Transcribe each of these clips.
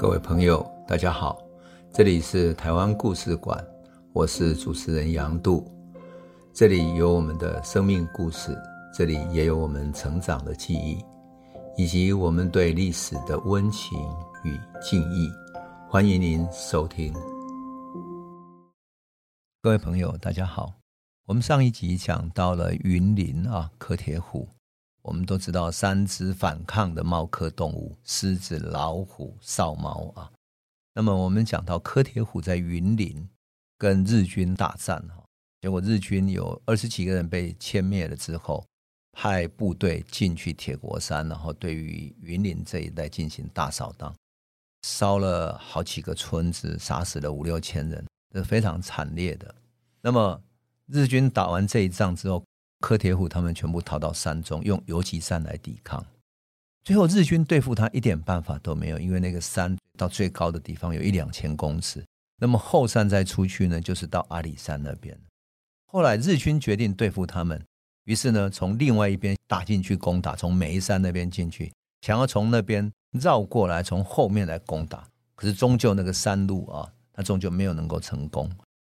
各位朋友，大家好，這裡是台灣故事館，我是主持人楊度，這裡有我們的生命故事，這裡也有我們成長的記憶，以及我們對歷史的溫情與敬意。歡迎您收聽。各位朋友，大家好，我們上一集講到了雲林啊，柯鐵虎。我們都知道三隻反抗的貓科動物：獅子、老虎、少貓啊。那麼我們講到柯鐵虎在雲林跟日軍大戰，結果日軍有二十幾個人被殲滅了之後，派部隊進去鐵國山，然後對於雲林這一帶進行大掃蕩，燒了好幾個村子，殺死了五六千人，這是非常慘烈的。那麼日軍打完這一仗之後。柯鐵虎他們全部逃到山中，用游擊戰來抵抗。最後日軍對付他一點辦法都沒有，因為那個山到最高的地方有一兩千公尺，那麼後山再出去呢，就是到阿里山那邊。後來日軍決定對付他們，於是呢，從另外一邊打進去攻打，從梅山那邊進去，想要從那邊繞過來，從後面來攻打。可是終究那個山路啊，他終究沒有能夠成功。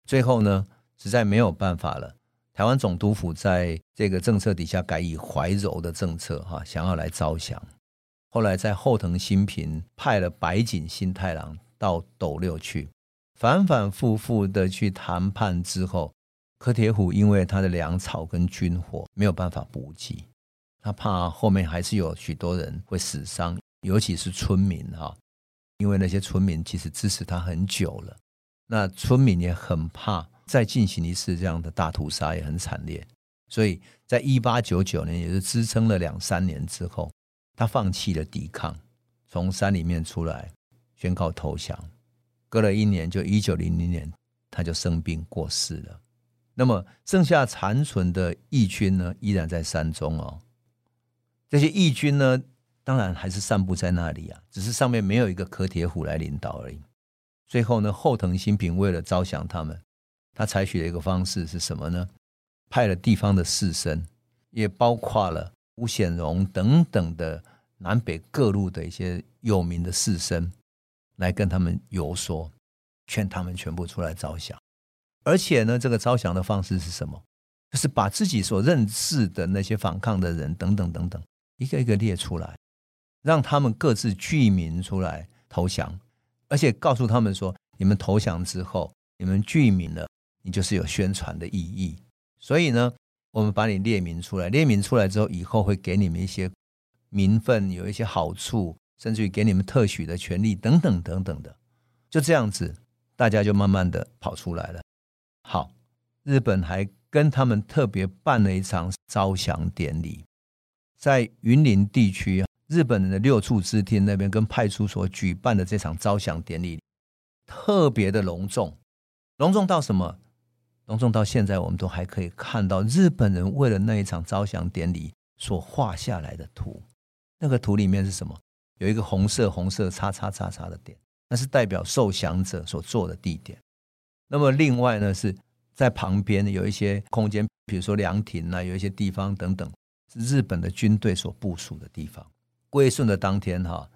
最後呢，實在沒有辦法了。台灣總督府在這個政策底下改以懷柔的政策，啊，哈，想要來招降。後來在後藤新平派了白井新太郎到斗六去，反反复复的去談判之後，柯鐵虎因為他的糧草跟軍火沒有辦法補給，他怕後面還是有許多人會死傷，尤其是村民哈，啊，因為那些村民其實支持他很久了，那村民也很怕。再進行一次這樣的大屠殺也很慘烈，所以在一八九九年，也是支撐了兩三年之後，他放棄了抵抗，從山裡面出來，宣告投降。隔了一年，就一九零零年，他就生病過世了。那麼剩下殘存的義軍呢，依然在山中哦。這些義軍呢，當然還是散布在那裡啊，只是上面沒有一個柯鐵虎來領導而已。最後呢，後藤新平為了招降他們。他採取的一個方式是什麼呢？派了地方的士紳，也包括了辜顯榮等等的南北各路的一些有名的士紳，來跟他們游說，勸他們全部出來招降。而且呢，這個招降的方式是什麼？就是把自己所認識的那些反抗的人等等等等，一個一個列出來，讓他們各自聚民出來投降，而且告訴他們說：你們投降之後，你們聚民了。你就是有宣傳的意義，所以呢，我們把你列明出來，列明出來之後，以後會給你們一些名分，有一些好處，甚至於給你們特許的權利等等等等的，就這樣子，大家就慢慢的跑出來了。好，日本還跟他們特別辦了一場招降典禮，在雲林地區，日本人的六處支廳那邊跟派出所舉辦的這場招降典禮，特別的隆重，隆重到什麼？隆重到現在，我們都還可以看到日本人為了那一場招降典禮所畫下來的圖。那個圖裡面是什麼？有一個紅色、紅色叉叉叉叉的點，那是代表受降者所坐的地點。那麼另外呢，是在旁邊有一些空間，比如說涼亭啊，有一些地方等等，是日本的軍隊所部署的地方。歸順的當天，哈，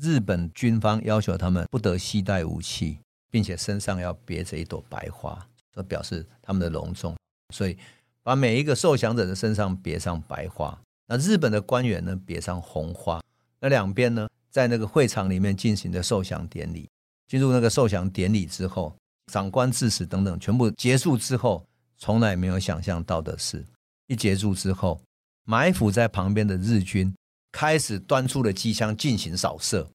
日本軍方要求他們不得攜帶武器，並且身上要別着一朵白花。表示他們的隆重，所以把每一個受降者的身上別上白花。那日本的官員呢，別上紅花。那兩邊呢，在那個會場裡面進行的受降典禮。進入那個受降典禮之後，長官致辭等等全部結束之後，從來沒有想象到的是，一結束之後，埋伏在旁邊的日軍開始端出了機槍進行掃射，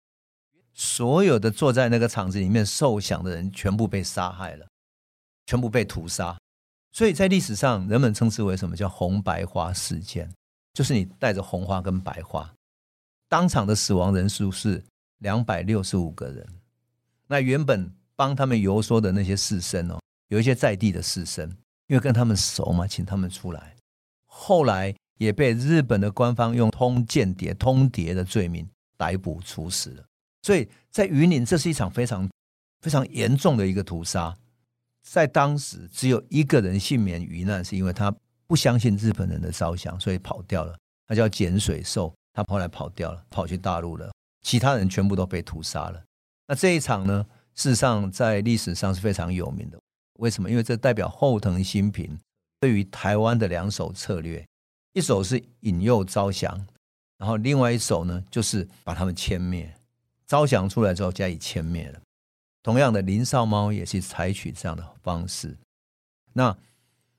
所有的坐在那個場子裡面受降的人全部被殺害了。全部被屠殺，所以在歷史上，人們稱之為什麼叫“紅白花事件”？就是你帶着紅花跟白花，當場的死亡人數是兩百六十五個人。那原本幫他們遊說的那些士紳哦，有一些在地的士紳，因為跟他們熟嘛，請他們出來，後來也被日本的官方用通間諜、通牒的罪名逮捕處死了。所以在雲林，這是一場非常非常嚴重的一個屠殺。在當時，只有一個人幸免於難，是因為他不相信日本人的招降，所以跑掉了。他叫簡水壽，他後來跑掉了，跑去大陸了。其他人全部都被屠殺了。那這一場呢，事實上在歷史上是非常有名的。為什麼？因為這代表後藤新平對於台灣的兩手策略：一手是引誘招降，然後另外一手呢，就是把他們殲滅。招降出來之後，加以殲滅了。同樣的，林少貓也是採取這樣的方式。那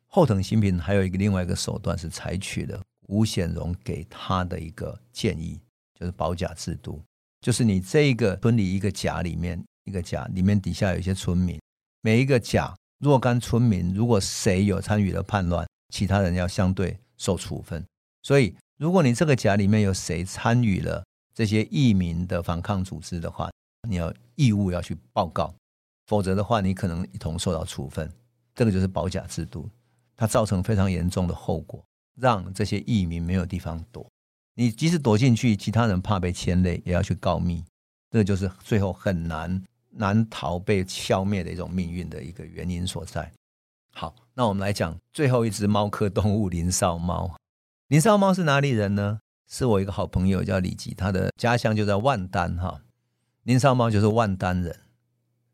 後藤新平還有一個另外一個手段，是採取了吳顯榮給他的一個建議，就是保甲制度，就是你這一個村裡一個甲裡面一個甲裡面底下有一些村民，每一個甲若干村民，如果誰有參與了叛亂，其他人要相對受處分。所以，如果你這個甲裡面有誰參與了這些義民的反抗組織的話，你要。義務要去報告，否則的話，你可能一同受到處分。這個就是保甲制度，它造成非常嚴重的後果，讓這些義民沒有地方躲。你即使躲進去，其他人怕被牽累，也要去告密。這個就是最後很難，難逃被消滅的一種命運的一個原因所在。好，那我們來講最後一隻貓科動物林少貓。林少貓是哪裡人呢？是我一個好朋友叫李吉，他的家鄉就在萬丹哈。林少貓就是萬丹人，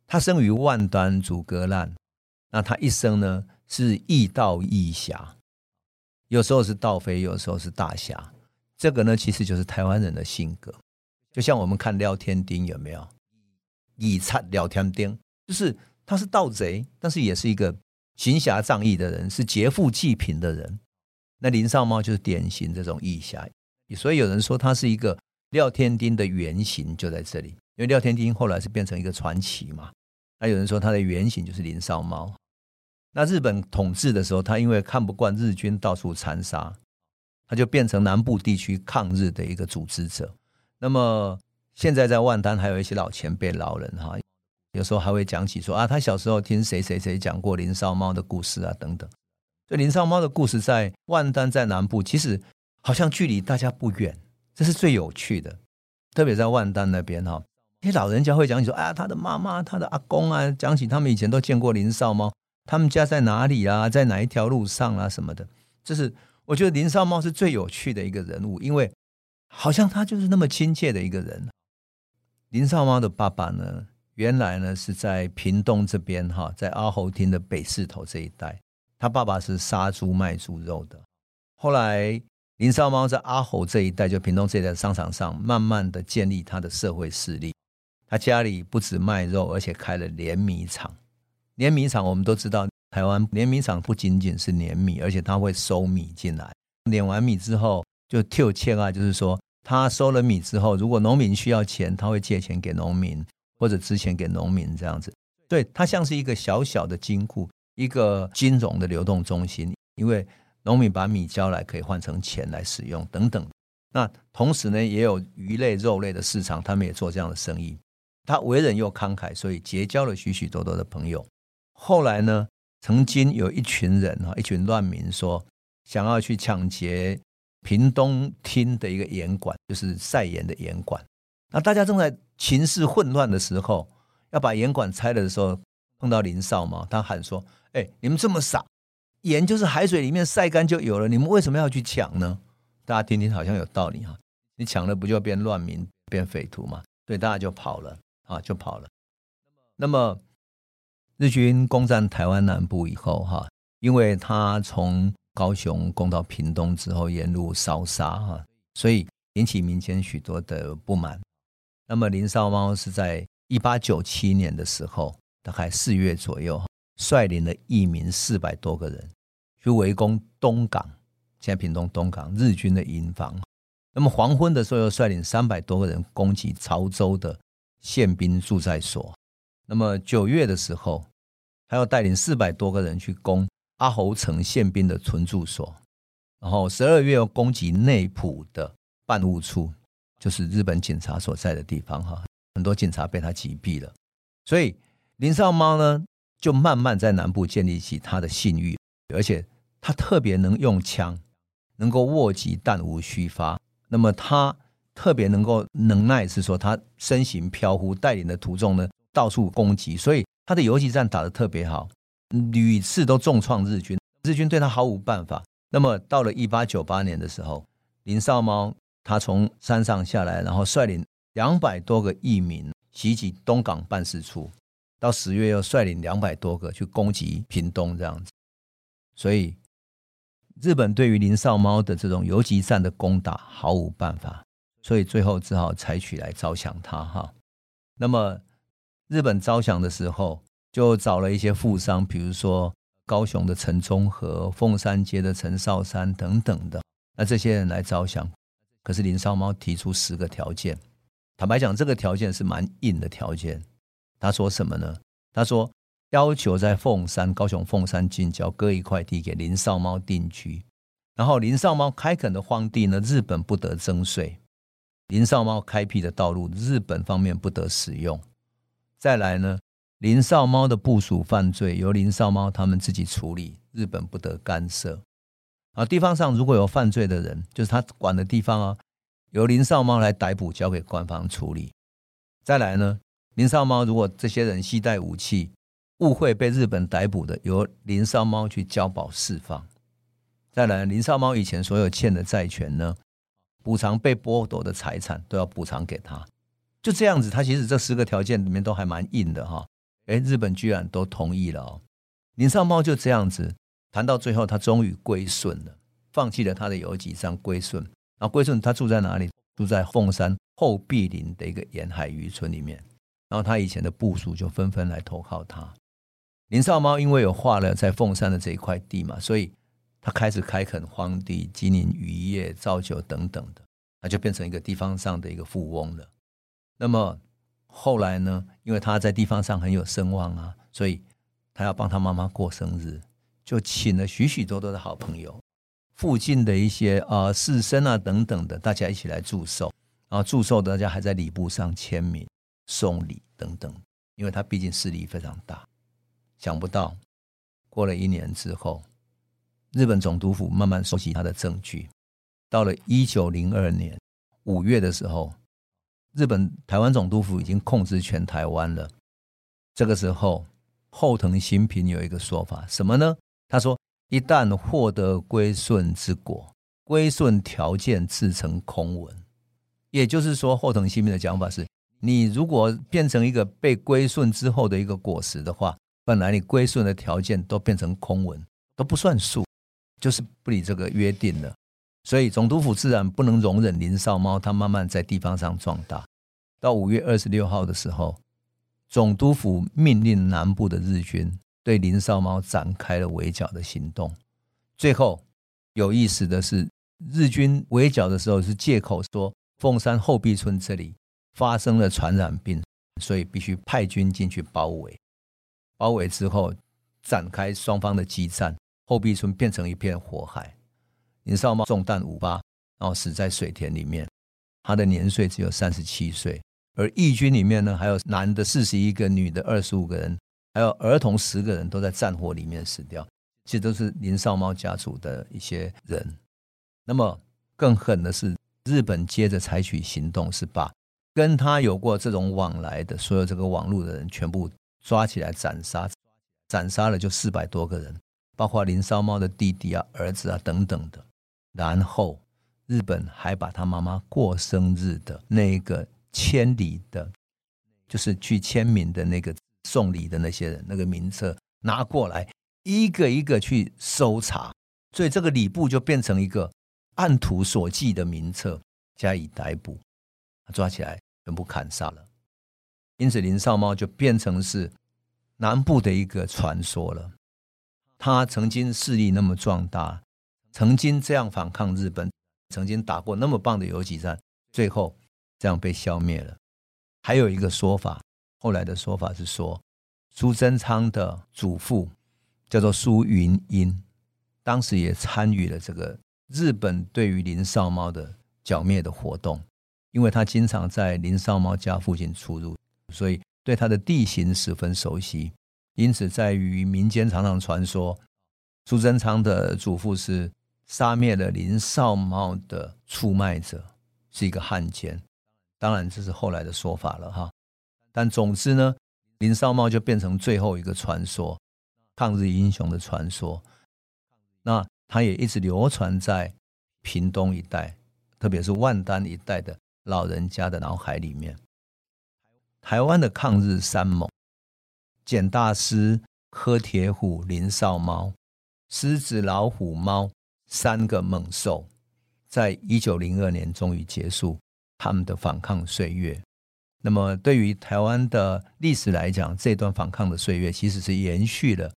他生於萬丹祖格蘭，那他一生呢是亦盜亦俠，有時候是盜匪，有時候是大俠。這個呢其實就是台灣人的性格，就像我們看廖添丁有沒有？以參廖添丁就是他是盜賊，但是也是一個行俠仗義的人，是劫富濟貧的人。那林少貓就是典型這種義俠，所以有人說他是一個廖添丁的原型，就在這裡。因為廖添丁後來是變成一個傳奇嘛，那有人說他的原型就是林少貓。那日本統治的時候，他因為看不慣日軍到處殘殺，他就變成南部地區抗日的一個組織者。那麼現在在萬丹還有一些老前輩、老人哈，有時候還會講起說啊，他小時候聽誰誰誰講過林少貓的故事啊等等。所以林少貓的故事在萬丹，在南部，其實好像距離大家不遠，這是最有趣的。特別在萬丹那邊哈。些老人家會講起說，哎呀，他的媽媽、他的阿公啊，講起他們以前都見過林少貓，他們家在哪裡啊，在哪一條路上啊什麼的。這是我覺得林少貓是最有趣的一個人物，因為好像他就是那麼親切的一個人。林少貓的爸爸呢，原來呢是在屏東這邊哈，在阿猴町的北勢頭這一帶，他爸爸是殺豬賣豬肉的。後來林少貓在阿猴這一帶，就屏東這一帶商場上，慢慢的建立他的社會勢力。他家裡不止賣肉，而且開了碾米廠。碾米廠我們都知道，台灣碾米廠不僅僅是碾米，而且他會收米進來。碾完米之後，就貼切啊，就是說他收了米之後，如果農民需要錢，他會借錢給農民，或者值錢給農民這樣子。對，它像是一個小小的金庫，一個金融的流動中心。因為農民把米交來，可以換成錢來使用等等。那同時呢，也有魚類、肉類的市場，他們也做這樣的生意。他為人又慷慨，所以結交了許許多多的朋友。後來呢，曾經有一群人啊，一群亂民說想要去搶劫屏東廳的一個鹽館，就是曬鹽的鹽館。那大家正在情勢混亂的時候，要把鹽館拆了的時候，碰到林少貓，他喊說：“哎、欸，你們這麼傻，鹽就是海水裡面曬乾就有了，你們為什麼要去搶呢？”大家聽聽好像有道理啊，你搶了不就變亂民、變匪徒嗎？所以大家就跑了。啊，就跑了。那麼日軍攻佔台灣南部以後，哈，因為他從高雄攻到屏東之後，沿路燒殺，哈，所以引起民間許多的不滿。那麼林少貓是在一八九七年的時候，大概四月左右，率領了一名四百多個人去圍攻東港，現在屏東東港日軍的營房。那麼黃昏的時候，又率領三百多個人攻擊潮州的。憲兵駐在所，那麼九月的時候，他要帶領四百多個人去攻阿猴城憲兵的駐在所，然後十二月攻擊內埔的辦務處，就是日本警察所在的地方哈，很多警察被他擊斃了。所以林少貓呢，就慢慢在南部建立起他的信譽，而且他特別能用槍，能夠臥擊，彈無虛發。那麼他。特別能夠能耐是說他身形飄忽，帶領的徒眾呢到處攻擊，所以他的游擊戰打得特別好，屢次都重創日軍，日軍對他毫無辦法。那麼到了一八九八年的時候，林少貓他從山上下來，然後率領兩百多個義民襲擊東港辦事處，到十月又率領兩百多個去攻擊屏東這樣子，所以日本對於林少貓的這種游擊戰的攻打毫無辦法。所以最後只好採取來招降他哈。那麼日本招降的時候，就找了一些富商，比如說高雄的陳中和、鳳山街的陳少山等等的。那這些人來招降，可是林少貓提出十個條件。坦白講，這個條件是蠻硬的條件。他說什麼呢？他說要求在鳳山、高雄鳳山近郊割一塊地給林少貓定居，然後林少貓開墾的荒地呢，日本不得徵稅。林少貓開闢的道路，日本方面不得使用。再來呢，林少貓的部署犯罪由林少貓他們自己處理，日本不得干涉。好，地方上如果有犯罪的人，就是他管的地方啊，由林少貓來逮捕，交給官方處理。再來呢，林少貓如果這些人攜帶武器，誤會被日本逮捕的，由林少貓去交保釋放。再來，林少貓以前所有欠的債權呢？補償被剝奪的財產，都要補償給他。就這樣子，他其實這十個條件裡面都還蠻硬的哈。哎、欸，日本居然都同意了哦。林少貓就這樣子談到最後，他終於歸順了，放棄了他的游擊戰，歸順。然後歸順，他住在哪裡？住在鳳山後壁林的一個沿海漁村裡面。然後他以前的部屬就紛紛來投靠他。林少貓因為有劃了在鳳山的這一塊地嘛，所以。他開始開墾荒地，經營漁業，造酒等等的，他就變成一個地方上的一個富翁了。那麼後來呢？因為他在地方上很有聲望啊，所以他要幫他媽媽過生日，就請了許許多多，多的好朋友，附近的一些啊、呃、士紳啊等等的，大家一起來祝壽。然後祝壽，大家還在禮簿上簽名，送禮等等。因為他畢竟勢力非常大，想不到過了一年之後。日本總督府慢慢收集他的證據，到了一九零二年五月的時候，日本台灣總督府已經控制全台灣了。這個時候，後藤新平有一個說法，什麼呢？他說：“一旦獲得歸順之果，歸順條件自成空文。”也就是說，後藤新平的講法是：你如果變成一個被歸順之後的一個果實的話，本來你歸順的條件都變成空文，都不算數。就是不理這個約定了，所以總督府自然不能容忍林少貓他慢慢在地方上壯大。到五月二十六號的時候，總督府命令南部的日軍對林少貓展開了圍剿的行動。最後有意思的是，日軍圍剿的時候是借口說鳳山後壁村這裡發生了傳染病，所以必須派軍進去包圍。包圍之後，展開雙方的激戰。後壁村變成一片火海，林少貓中彈五八，然後死在水田裡面。他的年歲只有三十七歲，而義軍裡面呢，還有男的四十一個，女的二十五個人，還有兒童十個人，都在戰火裡面死掉。這都是林少貓家族的一些人。那麼更狠的是，日本接着採取行動，是把跟他有過這種往來的所有這個網絡的人全部抓起來斬殺，斬殺了就四百多個人。包括林少貓的弟弟啊、兒子啊等等的，然後日本還把他媽媽過生日的那個簽禮的，就是去簽名的那個送禮的那些人那個名冊拿過來，一個一個去搜查，所以這個禮簿就變成一個按圖索驥的名冊加以逮捕，抓起來全部砍殺了，因此林少貓就變成是南部的一個傳說了。他曾經勢力那麼壯大，曾經這樣反抗日本，曾經打過那麼棒的游擊戰，最後這樣被消滅了。還有一個說法，後來的說法是說，蘇貞昌的祖父叫做蘇雲英，當時也參與了這個日本對於林少貓的剿滅的活動，因為他經常在林少貓家附近出入，所以對他的地形十分熟悉。因此，在於民間常常傳說，朱貞昌的祖父是殺滅了林少貓的出賣者，是一個漢奸。當然，這是後來的說法了哈。但總之呢，林少貓就變成最後一個傳說，抗日英雄的傳說。那他也一直流傳在屏東一帶，特別是萬丹一帶的老人家的腦海裡面。台灣的抗日三猛。簡大獅、柯鐵虎、林少貓、獅子、老虎、貓三個猛獸，在一九零二年終於結束他們的反抗歲月。那麼，對於台灣的歷史來講，這段反抗的歲月其實是延續了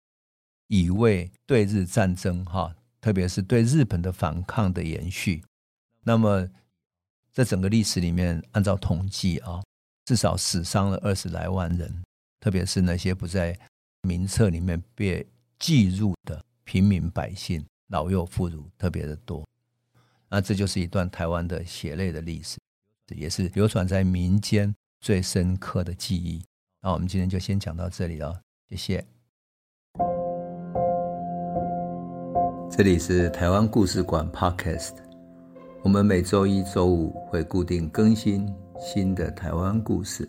乙未對日戰爭，哈，特別是對日本的反抗的延續。那麼，在整個歷史裡面，按照統計啊，至少死傷了二十來萬人。特別是那些不在名冊裡面被記入的平民百姓、老幼婦孺，特別的多。那這就是一段台灣的血淚的歷史，也是流傳在民間最深刻的記憶。那我們今天就先講到這裡了，謝謝。這裡是台灣故事館 Podcast，我們每周一、周五會固定更新新的台灣故事。